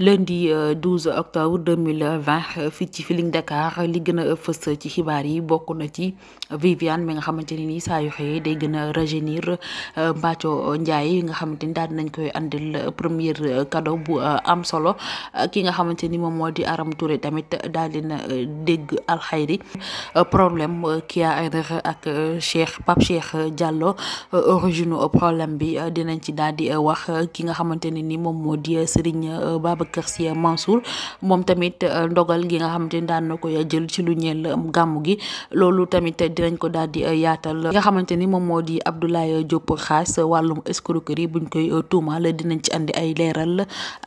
lundi 12 euh, octobre 2020 fii ci Feeling Dakar li gën a fës ci xibaar yi bokk na ci Viviane mi nga xamante ne nii saa yu xëyee day gën a rajeunir euh, nga xamante ni daal nañ koy andil première kado bu euh, am solo ki nga xamante ni moom moo di Aram Touré tamit daal dina dégg alxayri problème ki ak Cheikh Pape Cheikh Diallo origine problème bi dinañ ci daal di wax ki nga xamante ne ni moom moo di Serigne Babacar Sy Mansour moom tamit euh, ndogal gi nga xamante ni daan na ko euh, jël ci lu ñeel euh, gàmmu gi loolu tamit dinañ ko daal di yaatal nga xamante ni moom moo di Abdoulaye Diop xaas wàllum escroquerie buñ koy tuumal dinañ ci andi ay leeral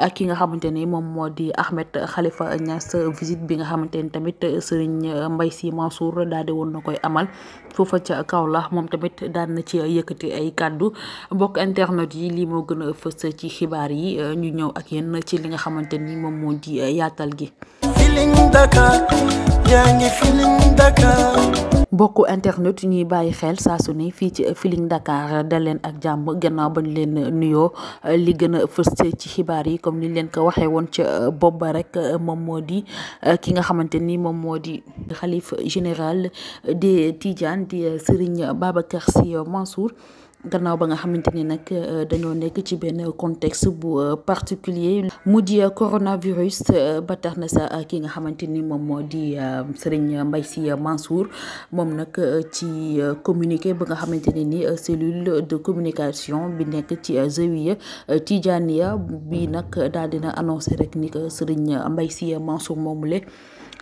ak ki nga xamante ni moom moo di Ahmed xalifa Niass visite bi nga xamante ni tamit Serigne mbay Sy Mansour daal di woon na koy amal foofa ca Kaolack moom tamit daan na ci yëkkati ay kàddu mbokk internet yi lii moo gën a fës ci xibaar yi ñu ñëw ak yéen ci li nga xamante ni moom moo di yaatal gi mbokku internet ñuy bàyyi xel saa su ne fii ci Feeling Dakar dal leen ak jàmm gannaaw bañ leen nuyoo li gën a fës ci xibaar yi comme niñ leen ko waxee woon ca euh, bopp ba rek euh, moom moo di euh, ki nga xamante ni moom moo di xalif général des Tidiane di Serigne Babacar Sy Mansour. gannaaw ba nga xamante ni nag euh, dañoo nekk ci benn contexte bu euh, particulier mu di euh, coronavirus ba tax na sa ki nga xamante ni moom moo di Serigne Mbaye Sy Mansour moom nag ci communiqué ba nga xamante ne ni cellule de communication bi nekk ci Zawiya Tijaaniya bi nag daal dina annoncé rek ni que Serigne Mbaye Sy Mansour moomule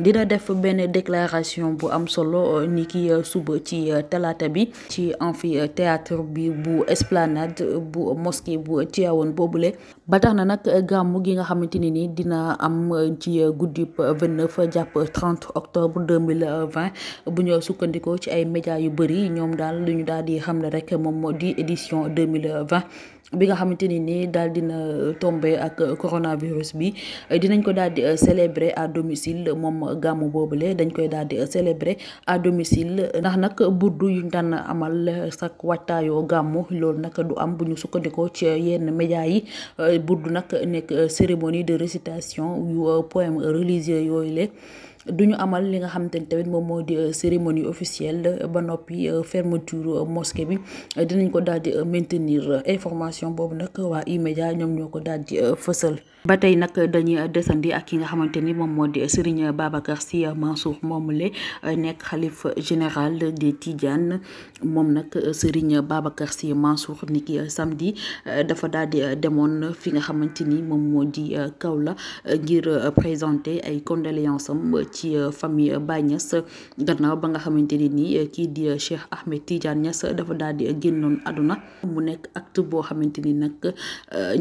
dina def benn déclaration bu am solo euh, ni ki euh, suba ci euh, talaata bi ci amphithéâtre bi bu esplanade bu mosquée bu Tivaouane boobule ba na nag gàmmu gi nga xamante ni nii dina am ci guddib 29 jàpp 30 octobre mille 2020 bu ñu sukkandikoo ci ay médias yu bëri ñoom daal lu ñu daal di xamle rek moom moo di édition 2020 bi nga xamante ni nii daal dina euh, tombé ak euh, coronavirus bi euh, dinañ ko daal di célébrer à domicile moom gàmmu boobule dañ koy daal di célébrer à domicile ndax nag buddu yuñ daan amal sak waajtaayoo gàmmu loolu nag du am bu ñu sukkandikoo ci yenn médias yi buddu nag nekk cérémonie de récitation yu poème religieux yooyu le du ñu amal li nga xamante ni tamit moom moo di euh, cérémonie officielle euh, ba noppi euh, fermeture mosquée bi dinañ ko daal di maintenir information boobu nag waa E-Media ñoom ñoo ko daal di fësal. ba tey nag dañuy desandi ak ki nga xamante ni moom moo di Serigne Babacar Sy Mansour moomule nekk xalif général des Tidianes moom nag Serigne Babacar Sy Mansour ni ki samedi dafa daal di demoon fi nga xamante ni moom moo di Kaolack ngir présenter ay condoléances am. ci euh, famille euh, Baye Niass gannaaw ba nga xamante ne nii euh, kii di Cheikh Ahmed Tidiane Niass dafa daal di génnoon àdduna mu nekk acte boo xamante ni nag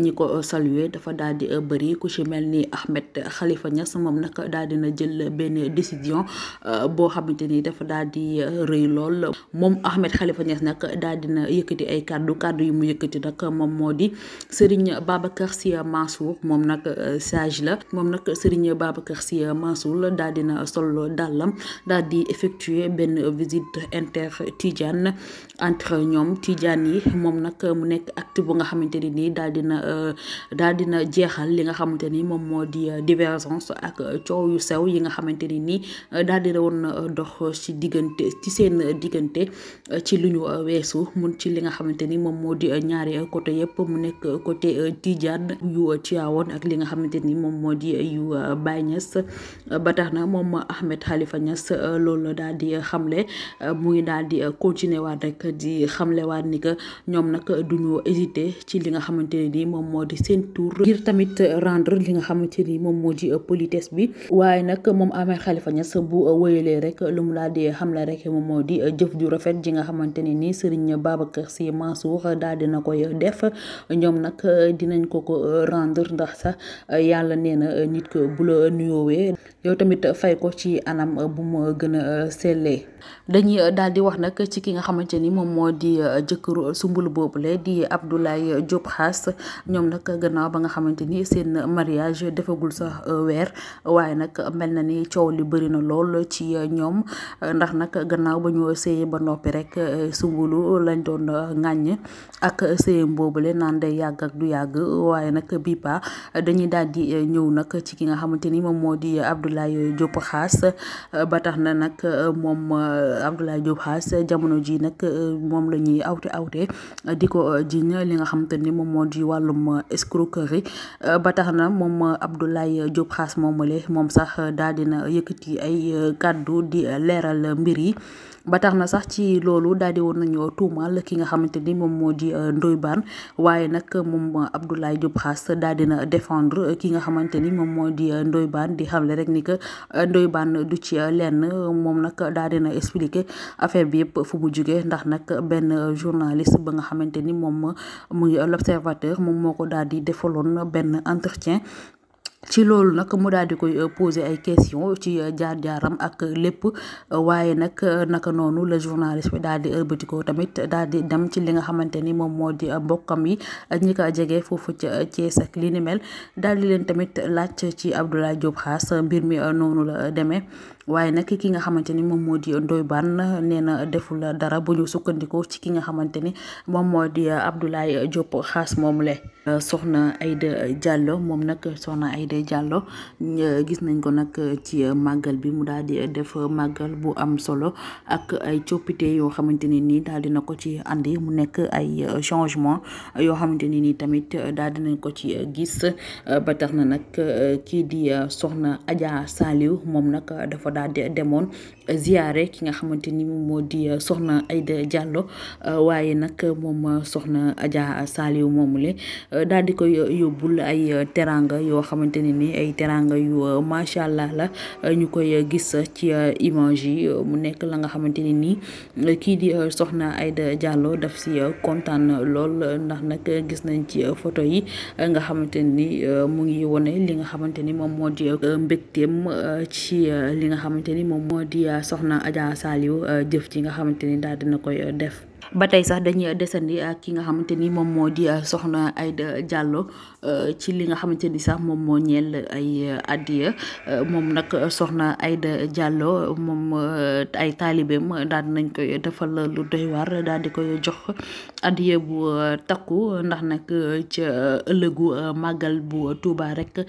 ñi ko saluer dafa daal di bëri ku ci mel ni Ahmed xalifa Niass moom nag daal di na jël benn décision boo xamante ni dafa daal di rëy lool moom Ahmed Khalifa Niass nag daal di na yëkkati ay kàddu kàddu yu mu yëkkati nag moom moo di Serigne Babacar Sy Mansour moom nag sage la moom nag Serigne Babacar Sy Mansour daal di dina solo dàllam daal di effectuer benn visite inter Tidjane entre ñoom Tidjane yi moom nag mu nekk acte bu nga xamante ni nii daal dina euh, daal dina jeexal li nga xamante ni moom moo di euh, divergence ak coow yu sew yi nga xamante ni nii euh, daal dina woon dox ci diggante ci seen diggante ci lu ñu weesu mun ci li nga xamante ni moom moo di ñaari côté yëpp mu nekk côté Tidjane yu Tivaouane ak li nga xamante ni moom moo di yu Baye ba tax na moom Ahmed xalifa Niass euh, loolu la daal di xamle euh, mu ngi daal di continuer waat rek di xamle waat ni que ñoom nag duñu hésiter ci li nga xamante ne ni moom moo di seen tour tamit rendre li nga xamante ni moom moo di politesse bi waaye nag moom Ahmed Khalifa Niass bu wéyalee rek lu mu daal di xamle rek moom moo di jëf ju rafet ji nga xamante ne ni Serigne Babacar Sy Mansour daal dina koy def ñoom nag dinañ ko ko rendre ndax sax yàlla nee na nit ko bu la yow tamit fay ko ci anam euh, bu ma euh, gën a euh, sellee dañuy daal di wax nag ci ki nga xamante ni moom moo di jëkkëru sumbul boobule di Abdoulaye Diop Xaas ñoom nag gannaaw ba nga xamante ni seen mariage defagul sax weer waaye nag mel na ni coow li bëri na lool ci ñoom ndax nag gannaaw ba ñu sëyee ba noppi rek sumbulu lañ doon ŋàññ ak sëyam boobule naan day yàgg ak du yàgg waaye nag bii Diop xaas euh, ba tax na nag euh, moom euh, Abdoulaye Diop Khass jamono ji nag moom la ñuy awte awte di ko jiñ li nga xamante ni moom moo di wàllum escroquerie ba tax na moom Abdoulaye Diop Khass moomale moom sax daal dina yëkkati ay kàddu di leeral mbir yi ba tax na sax ci loolu dal di woon nañoo tuumal ki nga xamante ni moom moo di euh, Ndoye Bane waaye nag moom euh, Abdoulaye Diop Khass daal dina na défendre ki nga xamante ni moom moo di euh, Ndoye Bane di xamle rek ni que Ndoye du ci lenn moom nag daal dina na affaire bi yëpp fu mu jugee ndax nag benn journaliste ba nga xamante ni moom muy l'observateur moom moo ko daal di defaloon benn entretien ci loolu nag mu daal di koy euh, poser ay question ci euh, jaar-jaaram ak lépp euh, waaye nag naka noonu la journaliste bi daal di ëlbatikoo tamit daal di dem ci li nga xamante ni moom moo di mbokkam yi ñi ko jege foofu ca Thiès ak li ni daal di leen tamit laaj ci Abdoulaye Diop Khass mbir mi noonu la demee waaye nag ki nga xamante ni moom moo di Ndoye Bane nee na deful dara bu ñu sukkandikoo ci ki nga xamante ni moom moo di Abdoulaye Diop xaas moom le soxna Aïda Diallo moom nag soxna Aïda Diallo gis nañ ko nag ci màggal bi mu daal di def màggal bu am solo ak ay coppite yoo xamante ni nii daal dina ko ci andi mu nekk ay changement yoo xamante ni nii tamit daal dinañ ko ci gis ba na nag kii di soxna Adja Saliou moom nag dafa daal demoon ziare ki nga xamante ni moom moo di euh, soxna Aida Diallo euh, waaye nag moom euh, soxna Adja Saliou moomule daal di koy yóbbul ay teranga yoo xamante ne ni ay teranga yu macha allah la ñu koy gis ci image yi mu nekk la nga xamante ne nii kii di soxna Aida Diallo daf si kontaan lool ndax nag gis nañ ci photo yi nga xamante mu ngi wone li nga xamante moom moo di mbégteem ci li nga xamante ni moom moo di uh, soxna Adja Saliou uh, jëf ci nga xamante ni daal dina koy uh, def ba tey sax dañuy desandi ak ah, ki nga xamante ni moom moo di ah, soxna Aida Diallo euh, ci li nga xamante ni sax moom moo ñeel ay euh, addiya euh, moom nag soxna Aida jàlloo moom ay taalibeem daal nañ koy defal lu doy waar daal di koy jox addiya bu takku ndax nag ca ëllëgu màggal bu Tuuba rek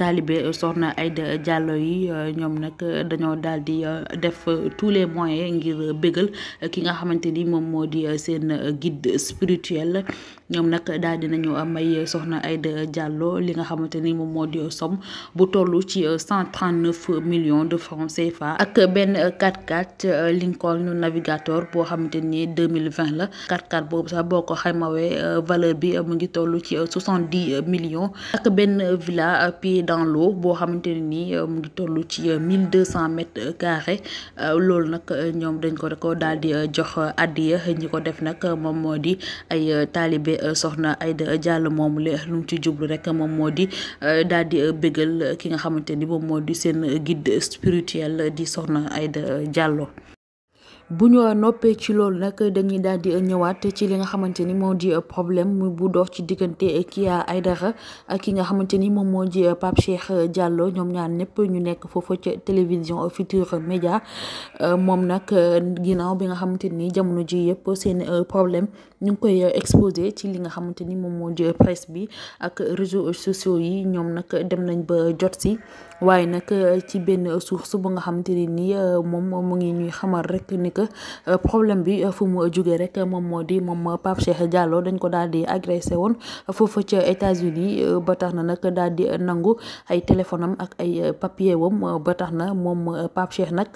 taalibe soxna Aida jàlloo yi ñoom nag dañoo daal di def tous les moyens ngir bégal ki nga xamante moom moo di di eh, seen eh, guide spirituel ñoom nag daal dinañu may soxna Aïda Diallo li nga xamante ni moom moo di somme bu toll ci eh, cent trente neuf millions de francs CFA ak benn 4x4 Lincoln Navigator boo xamante ni deux mille vingt la 4x4 boobu sax boo ko xaymawee valeur bi mu ngi toll ci soixante dix millions ak benn villa pied dans l'eau boo xamante ni mu ngi toll ci mille deux cent mètres carrés loolu nag ñoom dañ ko rek daal di jox addiya ko def nag moom moo di ay euh, taalibe euh, soxna Aida Diallo moom la lu mu ci jublu rek moom moo di euh, daal di bégal ki nga xamante ni moom moo di seen guide spirituel di soxna Aida jàlloo bu ñu noppee ci loolu nag dañuy daal di ñëwaat ci li nga xamante ni moo di problème mu bu dox ci diggante Kya Aidara ak ki nga xamante ni moom moo di Pape Cheikh Diallo ñoom ñaar ñëpp ñu nekk foofu ca télévision Futurs Médias moom nag ginnaaw bi nga xamante ni jamono ji yëpp seen euh, problème ñu ngi koy exposé ci li nga xamante ni moom moo di presse bi ak réseaux sociaux yi ñoom nag dem nañ ba jot si. waaye nag euh, ci benn source bu nga xamante ne nii euh, moom mu ngi ñuy xamal rek ni que euh, problème bi fu mu jugee rek moom moo di moom Pape Cheikh Diallo dañ ko daal di agressé woon foofa ca États-Unis ba tax na nag daal di nangu ay téléphone am ak ay papier wam ba tax na moom Pape Cheikh nag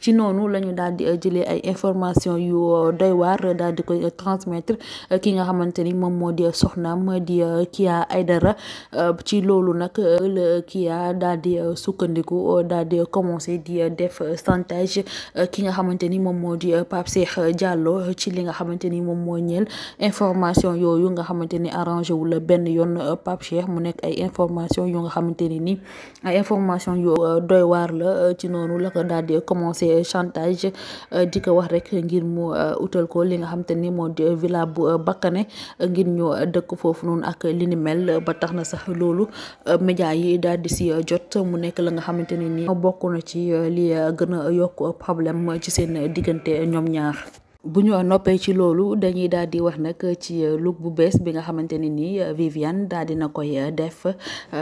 ci noonu la ñu daal di jëlee ay information yu doy waar daal di koy transmettre ki nga xamante ni moom moo di soxnaam di ay dara ci loolu nag Kya daal di euh, sukkandiku euh, daal di commencé di euh, def chantage ki nga xamante ni moom moo di Pape Cheikh Diallo ci li nga xamante ni moom moo ñeel information yooyu nga xamante ni arrangé wu benn yoon Pape Cheikh mu nekk ay information yoo nga xamante ni ni ay information yu doy waar la ci noonu la ko daal di commencé chantage di ko wax rek ngir mu utal ko li nga xamante ni moo di villa bu Bakane ngir ñu dëkk foofu noonu ak li ba tax na sax loolu média yi daal si jot mu nekk la nga xamante ne nii bokk na ci euh, li euh, gën a yokk problème ci seen diggante ñoom ñaar bu ñu noppee ci loolu dañuy daal di wax nag ci look bu bees bi nga xamante ne ni Viviane daal dina koy def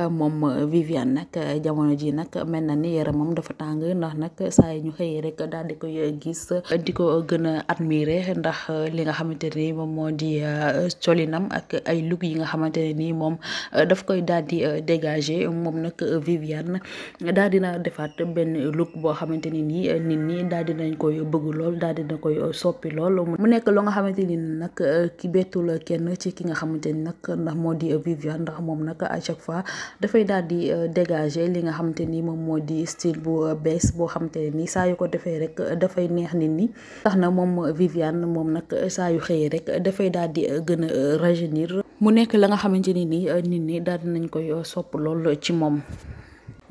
moom Viviane nag jamono ji nag mel na ni yaramam dafa tàng ndax nag saa yi ñu xëyee rek daal di koy gis di ko gën a admirer ndax li nga xamante ne ni moom moo di euh, colinam ak ay look yi nga xamante ne ni moom euh, daf koy daal di euh, dégager moom nag Viviane daal di na defaat benn look boo xamante ne ni nit ñi daal di nañ koy bëgg lool daal di na koy soppi. lool mu nekk loo nga xamante ni nag euh, ki bettul kenn ci ki nga xamante ni nag ndax moo di Viviane ndax moom nag à chaque fois dafay daal di euh, dégager li nga xamante ni moom moo di style bu euh, bees boo xamante ne ni saa yu ko defee rek dafay neex nit ñi tax na moom Viviane moom nag saa yu xëyee rek dafay daal di gën a rajeunir mu nekk la nga xamante ni nit ñi daal di nañ koy sopp lool ci moom.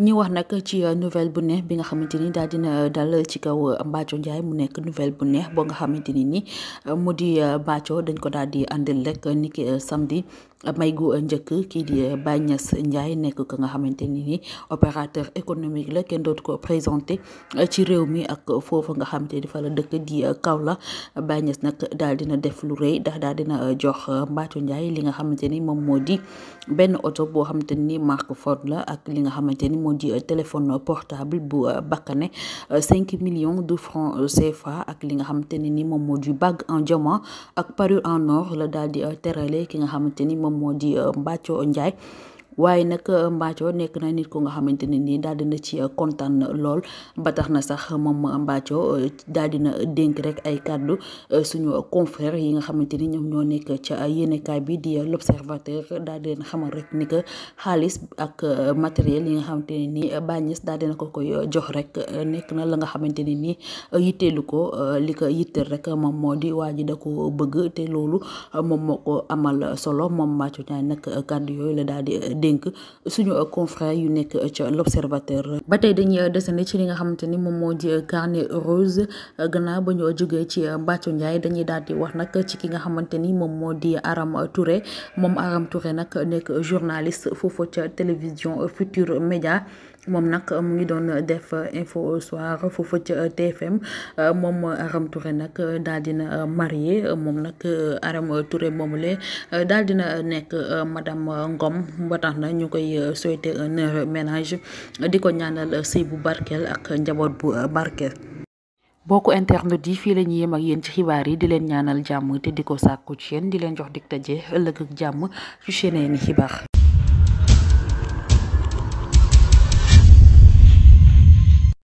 ñu wax nag ci euh, nouvelle bu neex bi nga xamante ni daal dina euh, dal ci kaw euh, Mbathio Ndiaye mu nekk nouvelle bu neex boo nga xamante ni ni mu di Mbathio dañ ko daal di àndil rek niki samdi may gu njëkk kii di euh, Baye Niass Ndiaye nekk ko nga xamante ni ni opérateur économique la kenn dootu ko présenté euh, ci réew mi ak foofu nga xamante ni fa la dëkk di euh, Kaolack Baye Niass nag daal dina def lu rëy ndax daal dina jox Mbathio Ndiaye li nga xamante ni moom moo di benn oto boo xamante ni marque Ford la ak li nga xamante ni moo di téléphone portable bu bakkane cinq millions de francs ak li nga xamante ni ni moom moo di bague en diamant ak parure en or la daal di terale ki nga xamante ni moo di Mbathio euh, Ndiaye waaye nag euh, Mbathio nekk naa nit ku nga xamante ne nii daal dina ci euh, kontaan lool ba na sax moom euh, Mbathio daal dina dénk rek ay kàddu suñu confrère yi nga xamante ni ñoom ñoo nekk ca yéenekaay bi di l'observateur daal di leen xamal rek ni que xaalis ak matériel yi nga xamante ne nii bàññis daal dina ko koy jox rek nekk na la nga xamante ne nii yitteelu ko li ko yitteel rek moom moo di waa ji da ko bëgg te loolu moom moo amal solo moom Mbathio kàddu yooyu la daal dénk suñu confrère yu nekk ca l'observateur ba tey dañuy desandi ci li nga xamante ni moom moo di carnet rose gannaaw ba ñoo jogee ci Bathio Ndiaye dañuy daal di wax nag ci ki nga xamante ni moom moo di Aram Touré moom Aram Touré nag nekk journaliste foofu ca télévision future Média moom nag mu ngi doon def info au soir foofu ca TFM moom Aram Touré nag daal dina marié moom nag Aram Touré moomule daal dina nekk madam Ngom ba na ñu koy souhaiter un heureux ménage di ko ñaanal sëy bu barkeel ak njaboot bu barkel barkeel. bokku internet yi fii la ñuy yem ak yéen ci xibaar yi di leen ñaanal jàmm te di ko sàkku ci yéen di leen jox dig daje ëllëg ak jàmm ci yeneen i xibaar.